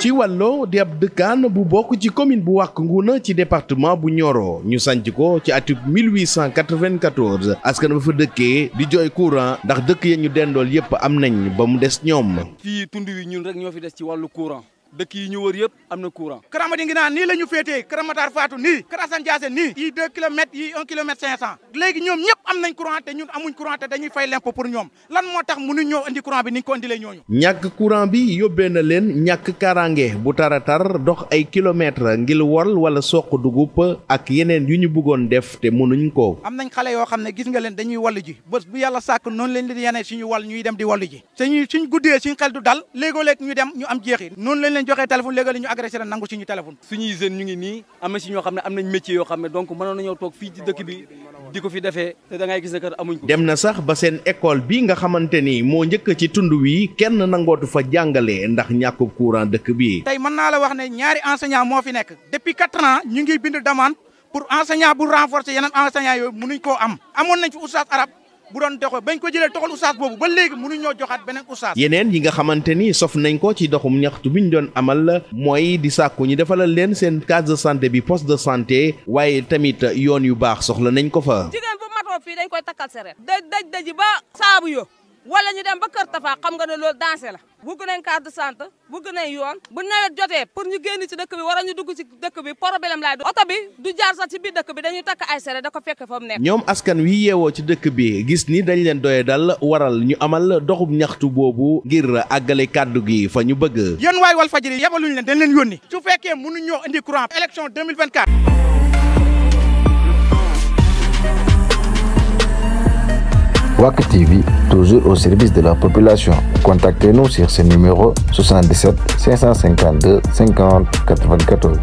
ci wàlloo di ab dëkkaan bu bokk ci commune bu wàkk nguuna ci département bu Nioro ñu sanc ko ci atub 1894 askan ba fa dëkkee di jooy courant ndax dëkk ya ñu dendool yépp am nañ ba mu des ñoom fii tund wi ñun rek ñoo fi des ci wàllu courant dëkk yi ñu wër yëpp am na courant Karamading naan nii la ñu féetee Kër Matar Fatou nii Kër Assane Diassé nii i deux kilomètres yi un kilomètre cinq cent léegi ñoom ñëpp am nañ courant te ñun amuñ courant te dañuy fay lempo pour ñoom lan moo tax mënuñ ñoo indi courant bi ni ñu ko indilee ñooñu ñàkk courant bi yóbbee na leen ñàkk karange bu taratar dox ay kilomètres ngir wol wala soq dugub ak yeneen yu ñu bëggoon def te mënuñ ko am nañ xale yoo xam ne gis nga leen dañuy wallu ji bés bu yàlla sàkk noonu lañ leen yenee suñu wàll ñuy dem di wallu ji suñu suñ guddee suñ xel du dem ñu am jeexi joxe joxee téléphone léegi la ñu agressé la nangu suñu téléphone suñuy jeunes ñu ngi nii am na si ñoo xam ne am nañ métier yoo xam ne donc mënoon nañoo toog fii dëkk bi di ko fi defee te da gis ne kat amuñ ko. dem na sax ba seen école bi nga xamante ni moo njëkk ci tund wi kenn nangootu fa jàngalee ndax ñàkkub courant dëkk bi tey mën naa la wax ne ñaari enseignant moo fi nekk depuis quatre ans ñu ngi bind demande pour enseignant bu renforcer yeneen enseignant yooyu mënuñ bu doon doxee bañ ko jëlee toxal oustaz boobu ba léegi mënu ñoo joxaat beneen oustaz yeneen yi nga xamante ni sof nañ ko ci doxum ñaxtu bi ñu doon amal la mooy di sàkku ñu defalal leen seen case santé bi poste de santé waaye tamit yoon yu baax soxla nañ ko fa jigéen bu matoo fii dañ koy takkal seret daj daj daji ba saabu yo wala ñu dem ba Kër Tafa xam nga ne loolu dansé la bugg nañ carte de santé bugg nañ yoon bu nawet jotee pour ñu génn ci dëkk bi war a ñu dugg ci dëkk bi problème laay do oto bi du jaar sax ci biir dëkk bi dañuy takk ay sere da ko fekk fa mu nekk ñoom askan wi yeewoo ci dëkk bi gis ni dañ leen doye dal waral ñu amal doxub ñaxtu boobu ngir àggale kàddu gi fa ñu bëgg yéen waay Walfadjri yebaluñu leen dañ leen yónni su fekkee mënuñu ñoo indi courant élection TV, toujours au service de la population. Contactez-nous sur ce numéro 77 552 50 94.